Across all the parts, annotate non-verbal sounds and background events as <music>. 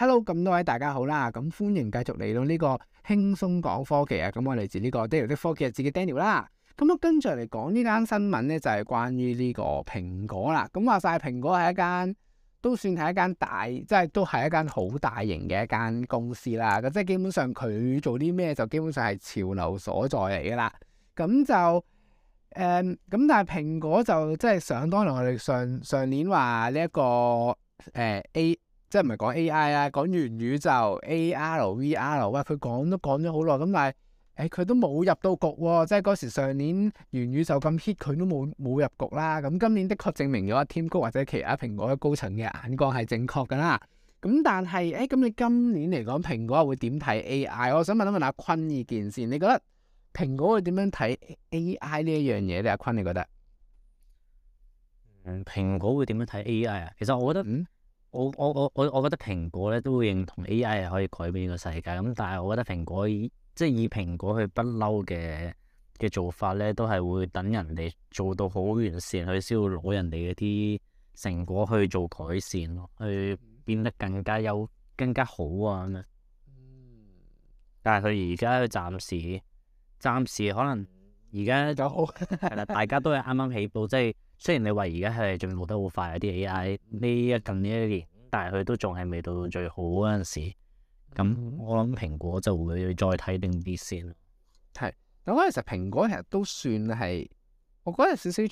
Hello，咁多位大家好啦，咁歡迎繼續嚟到呢、這個輕鬆講科技啊，咁、嗯、我嚟自呢個 Daniel 的科技日誌 Daniel 啦，咁、嗯、我跟住嚟講呢單新聞咧，就係、是、關於呢個蘋果啦。咁話晒蘋果係一間都算係一間大，即係都係一間好大型嘅一間公司啦。咁即係基本上佢做啲咩就基本上係潮流所在嚟噶啦。咁就誒，咁但係蘋果就即係想當年，我哋上上年話呢一個誒、呃、A。即係唔係講 AI 啊，講元宇宙、AR VR,、VR 啊，佢講、哎、都講咗好耐，咁但係誒佢都冇入到局喎、啊。即係嗰時上年元宇宙咁 hit，佢都冇冇入局啦。咁今年的確證明咗 Tim Cook 或者其他蘋果嘅高層嘅眼光係正確噶啦。咁但係誒，咁、哎、你今年嚟講蘋果會點睇 AI？我想問，問一問阿坤意見先。你覺得蘋果會點樣睇 AI 呢一樣嘢咧？阿、啊、坤你覺得？嗯，蘋果會點樣睇 AI 啊？其實我覺得。嗯我我我我我覺得蘋果咧都會認同 AI 係可以改變呢個世界，咁但係我覺得蘋果即以即係以蘋果去不嬲嘅嘅做法咧，都係會等人哋做到好完善，佢先會攞人哋嗰啲成果去做改善咯，去變得更加有更加好啊咁啊。但係佢而家佢暫時暫時可能而家就，係啦，大家都係啱啱起步，即係。雖然你話而家係進步得好快啊啲 AI 呢一近呢一年，但係佢都仲係未到最好嗰陣時。咁我諗蘋果就會再睇定啲先。係，咁其實蘋果其實都算係，我覺得少少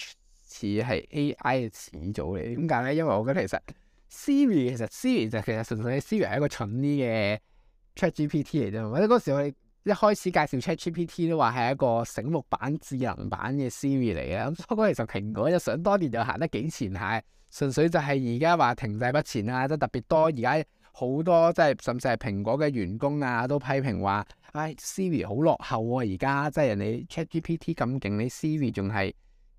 似係 AI 嘅始祖嚟。點解咧？因為我覺得其實 Siri 其實 Siri 就其實純粹 Siri 係一個蠢啲嘅 ChatGPT 嚟啫，或者嗰時我哋。一開始介紹 ChatGPT 都話係一個醒目版智能版嘅 Siri 嚟啊，咁不過其實蘋果一想當年就行得幾前下，純粹就係而家話停滯不前啦，即特別多。而家好多即係甚至係蘋果嘅員工啊，都批評話：，唉、哎、，Siri 好落後啊！而家即係人哋 ChatGPT 咁勁，你 Siri 仲係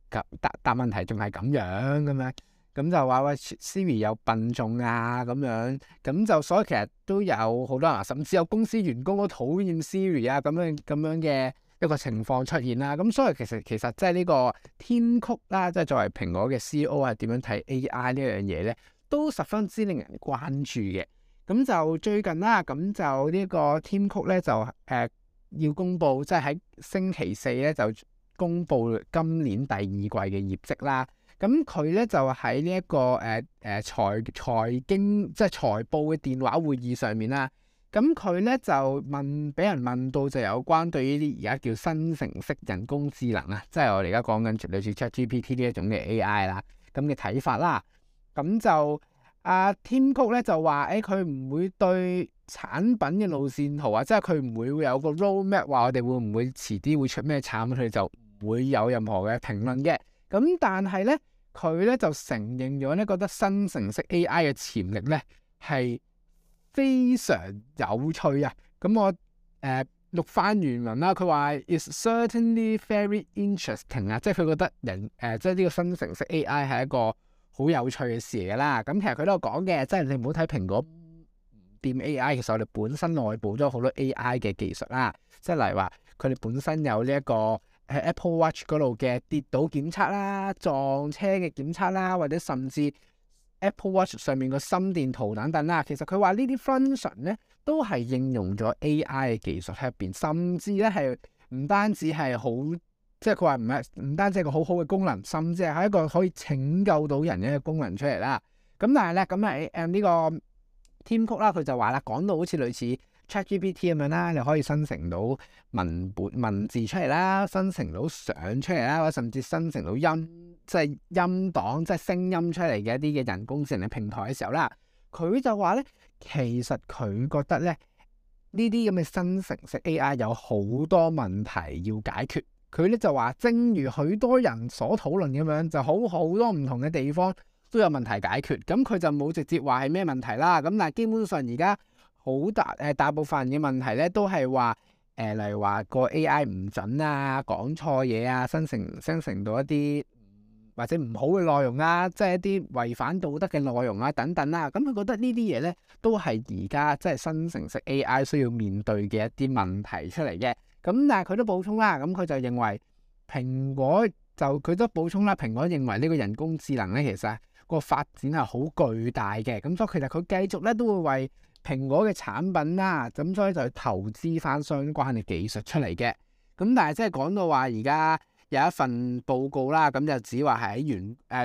答答問題仲係咁樣咁樣。咁就話喂 Siri 有笨重啊咁樣，咁就所以其實都有好多人，甚至有公司員工都討厭 Siri 啊咁樣咁樣嘅一個情況出現啦。咁所以其實其實即係呢個 Tim Cook 啦，即係作為蘋果嘅 CEO，啊，點樣睇 AI 呢樣嘢咧，都十分之令人關注嘅。咁就最近啦，咁就個呢個 Tim Cook 咧就誒、呃、要公佈，即係喺星期四咧就公佈今年第二季嘅業績啦。咁佢咧就喺呢一個誒誒、啊啊、財財經即係財報嘅電話會議上面啦。咁佢咧就問，俾人問到就有關對於啲而家叫生成式人工智能啊，即係我哋而家講緊類似 ChatGPT 呢一種嘅 AI 啦。咁嘅睇法啦。咁就阿 Tim Cook 咧就話，誒佢唔會對產品嘅路線圖啊，即係佢唔會會有個 road map 話我哋會唔會遲啲會出咩產品，佢就唔會有任何嘅評論嘅。咁但係咧，佢咧就承認咗咧，覺得生成式 AI 嘅潛力咧係非常有趣啊！咁我誒讀返原文啦，佢話 It's certainly very interesting 啊，即係佢覺得人誒、呃，即係呢個生成式 AI 係一個好有趣嘅事嚟啦。咁其實佢都有講嘅，即係你唔好睇蘋果掂 AI，其實我哋本身內部都有好多 AI 嘅技術啦，即係例如話佢哋本身有呢、這、一個。喺 Apple Watch 嗰度嘅跌倒檢測啦、撞車嘅檢測啦，或者甚至 Apple Watch 上面個心電圖等等啦，其實佢話呢啲 function 咧都係應用咗 AI 嘅技術喺入邊，甚至咧係唔單止係好，即係佢話唔係唔單止係個好好嘅功能，甚至係一個可以拯救到人嘅功能出嚟啦。咁但係咧，咁係誒呢個 Tim Cook 啦，佢就話啦，講到好似類似，ChatGPT 咁樣啦，你可以生成到文本文字出嚟啦，生成到相出嚟啦，甚至生成到音，即係音檔，即係聲音出嚟嘅一啲嘅人工智能嘅平台嘅時候啦，佢就話咧，其實佢覺得咧呢啲咁嘅生成式 AI 有好多問題要解決。佢咧就話，正如許多人所討論咁樣，就好好多唔同嘅地方都有問題解決。咁佢就冇直接話係咩問題啦。咁但係基本上而家。好大誒！大部分嘅問題咧，都係話誒，例如話個 AI 唔準啊，講錯嘢啊，生成生成到一啲或者唔好嘅內容啊，即係一啲違反道德嘅內容啊，等等啦、啊。咁、嗯、佢覺得呢啲嘢咧，都係而家即係生成式 AI 需要面對嘅一啲問題出嚟嘅。咁、嗯、但係佢都補充啦，咁、嗯、佢就認為蘋果就佢都補充啦，蘋果認為呢個人工智能咧，其實個發展係好巨大嘅。咁、嗯、所以其實佢繼續咧都會為。蘋果嘅產品啦，咁所以就去投資翻相關嘅技術出嚟嘅。咁但係即係講到話而家有一份報告啦，咁就只話係喺原誒誒、啊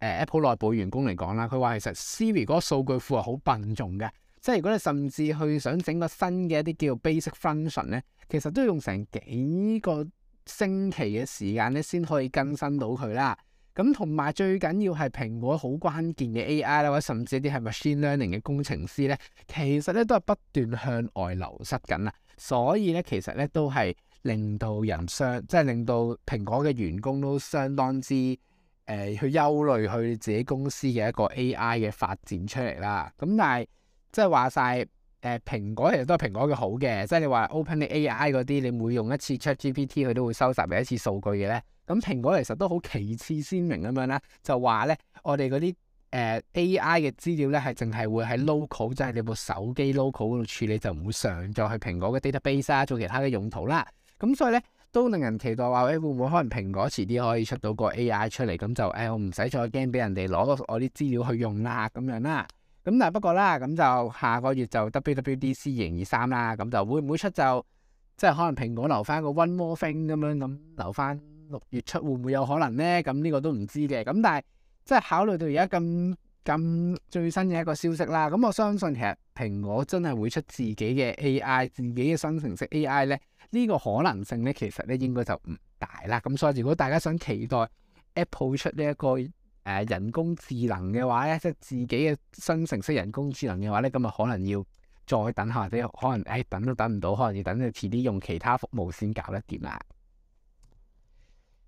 啊、Apple 內部員工嚟講啦，佢話其實 Siri 嗰個數據庫係好笨重嘅，即係如果你甚至去想整個新嘅一啲叫 basic function 咧，其實都要用成幾個星期嘅時間咧先可以更新到佢啦。咁同埋最緊要係蘋果好關鍵嘅 AI 啦，或者甚至一啲係 machine learning 嘅工程師咧，其實咧都係不斷向外流失緊啦。所以咧，其實咧都係令到人相，即係令到蘋果嘅員工都相當之誒、呃、去憂慮佢自己公司嘅一個 AI 嘅發展出嚟啦。咁但係即係話晒。誒蘋，蘋、就是、蘋果其實都係蘋果嘅好嘅，即係你話 OpenAI 嗰啲，你每用一次 ChatGPT 佢都會收集你一次數據嘅咧。咁蘋果其實都好旗幟鮮明咁樣啦，就話咧我哋嗰啲誒 AI 嘅資料咧係淨係會喺 local，即係你部手機 local 嗰度處理，就唔會上載去蘋果嘅 database 啊，做其他嘅用途啦。咁所以咧都令人期待話喂、欸，會唔會可能蘋果遲啲可以出到個 AI 出嚟，咁就誒、欸、我唔使再驚俾人哋攞到我啲資料去用啦咁樣啦。咁但係不過啦，咁就下個月就 WWDC 二零二三啦，咁就會唔會出就即係可能蘋果留翻個 One More Thing 咁樣，咁留翻六月出會唔會有可能呢？咁呢個都唔知嘅。咁但係即係考慮到而家咁咁最新嘅一個消息啦，咁我相信其實蘋果真係會出自己嘅 AI，自己嘅新程式 AI 呢，呢、呢個可能性呢，其實呢應該就唔大啦。咁所以如果大家想期待 Apple 出呢、呢、一個，誒、呃、人工智能嘅話咧，即係自己嘅新程式人工智能嘅話咧，咁啊可能要再等下，或者可能誒、哎、等都等唔到，可能要等咗遲啲用其他服務先搞得掂啦。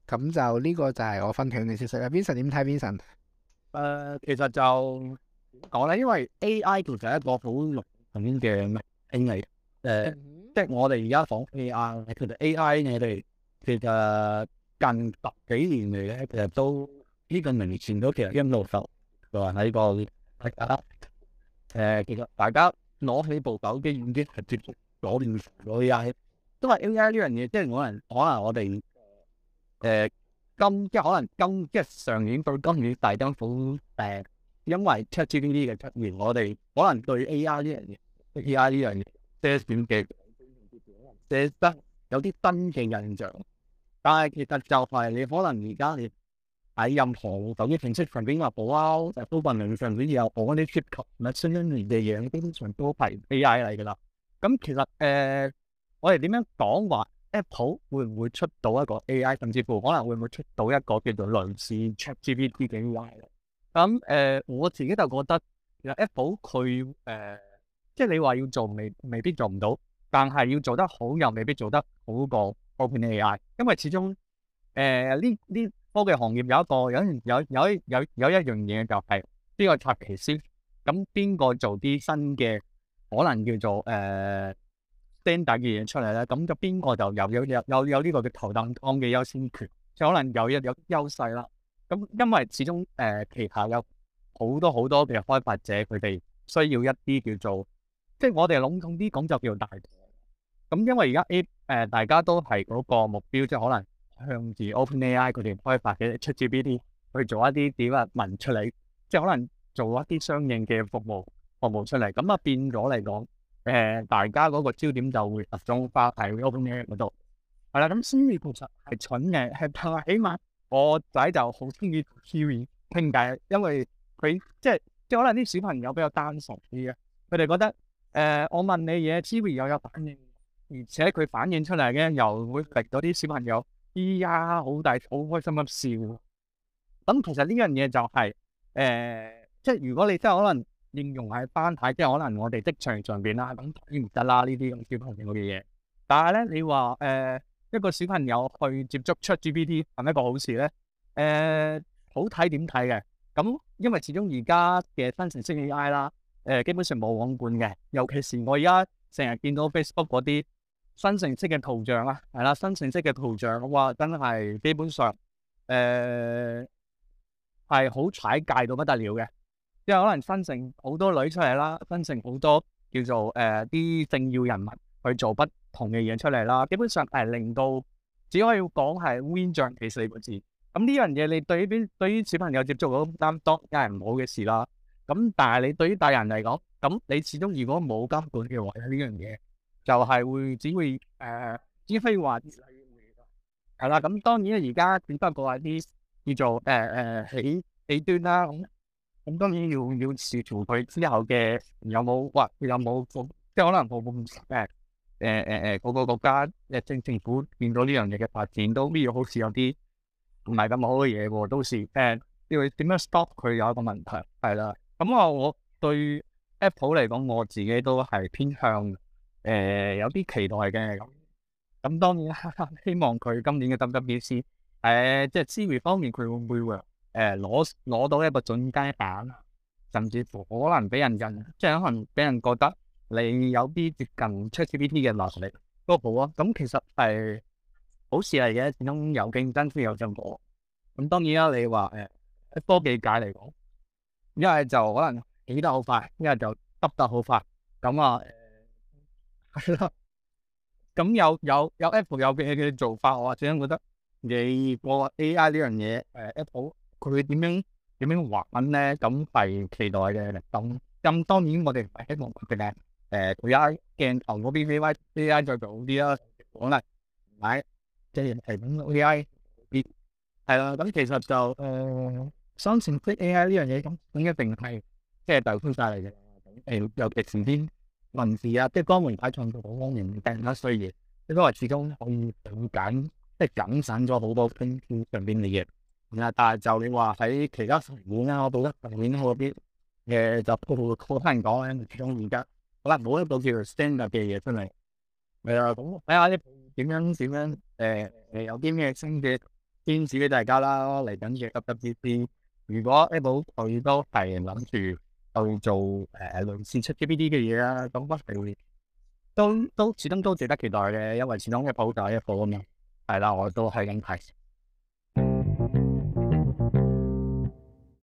咁就呢、這個就係我分享嘅消息。Vincent 點睇？Vincent 誒，其實就講咧，因為 AI 其實係一個好龍嘅領域，誒、呃，嗯、即係我哋而家講 AI 其實 AI 嘅咧，其實近十幾年嚟咧，其實都～呢個名前都其實一路受，個話喺個，係啊，誒，其實大家攞起部手機已經係接觸咗呢樣嘢，都係 AI 呢樣嘢，即係可能可能我哋誒今即係可能今即係上年到今年大登峯誒，因為 ChatGPT 嘅出現，我哋可能對 AI 呢樣嘢，即係 AI 呢樣嘢，即係點嘅，即係得有啲新嘅印象，但係其實就係你可能而家你。喺任何手機程式上邊買股啊，喺蘇富比上邊又買嗰啲股票，乜新一年嘅嘢基本上都係 AI 嚟噶啦。咁其實誒，我哋點樣講話 Apple 會唔會出到一個 AI，甚至乎可能會唔會出到一個叫做類似 ChatGPT 嘅嘢？咁誒，我自己就覺得，其實 Apple 佢誒，即係你話要做，未未必做唔到，但係要做得好又未必做得好過 OpenAI，因為始終誒呢呢。科技行業有一個有有有有有一樣嘢，就係邊個插旗先。咁邊個做啲新嘅可能叫做誒 standard 嘅嘢出嚟咧，咁就邊個就有有有有呢個嘅頭啖湯嘅優先權，就可能有一有優勢啦。咁因為始終誒旗下有好多好多嘅開發者，佢哋需要一啲叫做即係我哋籠統啲講就叫大台。咁因為而家 A 誒大家都係嗰個目標，即係可能。向住 OpenAI 嗰邊開發嘅出 GPT 去做一啲點啊問出嚟，即係可能做一啲相應嘅服務服務出嚟。咁啊變咗嚟講，誒大家嗰個焦點就會集中翻喺 OpenAI 嗰度。係啦，咁 Siri 其實係蠢嘅，係但係起碼我仔就好中意 Siri，傾偈。因為佢即係即係可能啲小朋友比較單純啲啊，佢哋覺得誒我問你嘢，Siri 又有反應，而且佢反應出嚟嘅又會令到啲小朋友。咿呀，好大，好開心咁笑。咁其實呢樣嘢就係、是，誒、呃，即係如果你真係可能應用喺班體，即係可能我哋職場上邊啦，咁當然唔得啦呢啲咁小朋友嘅嘢。但係咧，你話誒、呃、一個小朋友去接觸 ChatGPT 係咪一個好事咧？誒、呃，好睇點睇嘅？咁、嗯、因為始終而家嘅生成式 AI 啦、呃，誒基本上冇網管嘅，尤其是我而家成日見到 Facebook 嗰啲。.新生成式嘅圖像啦、啊，係啦，新生成式嘅圖像、啊，哇，真係基本上誒係好踩界到不得了嘅，因為可能分成好多女出嚟啦，分成好多叫做誒啲政要人物去做不同嘅嘢出嚟啦，基本上係令到只可以講係烏煙瘴氣四個字。咁呢樣嘢你對邊對，對於小朋友接觸到唔啱，當然係唔好嘅事啦。咁、嗯、但係你對於大人嚟講，咁、嗯、你始終如果冇監管嘅話咧，呢樣嘢。就係會只會誒、呃，只可以話係啦。咁、 <music> 嗯、當然而家變翻過係啲叫做誒誒起起端啦。咁、嗯、咁當然要要視乎佢之後嘅有冇或有冇即係可能同誒誒誒誒各個國家誒政政府見到呢樣嘢嘅發展都咩嘢，好似有啲唔係咁好嘅嘢、哦。都係誒、呃、要點樣 stop 佢有一個問題係啦。咁我、嗯呃、我對 Apple 嚟講，我自己都係偏向。誒、呃，有啲期待嘅咁，咁、嗯、當然啦，希望佢今年嘅 w B C，誒、呃，即係 C 位方面會會，佢會唔會誒攞攞到一個進階版甚至乎可能俾人印，即係可能俾人覺得你有啲接近七 C B T 嘅能力都好啊。咁、嗯、其實係好事嚟、啊、嘅，始終有競爭先有進步。咁、嗯、當然啦，你話誒、呃，科技界嚟講，一係就可能起得好快，一係就得得好快，咁啊～係咯，咁有有有 Apple 有嘅嘅做法，我始終覺得你個 AI 呢樣嘢，誒，Apple 佢點樣點樣玩法咧？咁係期待嘅。咁咁當然我哋唔係希望佢咧，誒，AI 鏡頭嗰邊嘅話，AI 再做好啲啦。可能唔係即係提升 AI，係啦。咁其實就誒，生成式 AI 呢樣嘢，咁咁一定係即係爆發晒嚟嘅。咁誒，尤其是先。文字啊，即係江門牌創作嗰方面掟得衰嘢，即係話始終可唔省緊，即係省省咗好多篇紙上邊嘅嘢。嗱，但係就你話喺其他層面啊，我覺得層面嗰啲誒就我聽人講咧，始終而家可能冇一部叫做《Stand Up》嘅嘢出嚟。係、哎、啊，咁睇下呢部、呃、點樣點樣誒有啲咩升嘅篇紙俾大家啦，嚟緊嘅 WWDC。如果 Apple 最終係諗住去做誒兩線出 KBD 嘅嘢啦，咁都係會都都始終都值得期待嘅，因為始終嘅鋪就係一個咁樣。係、嗯、啦，我都去緊睇。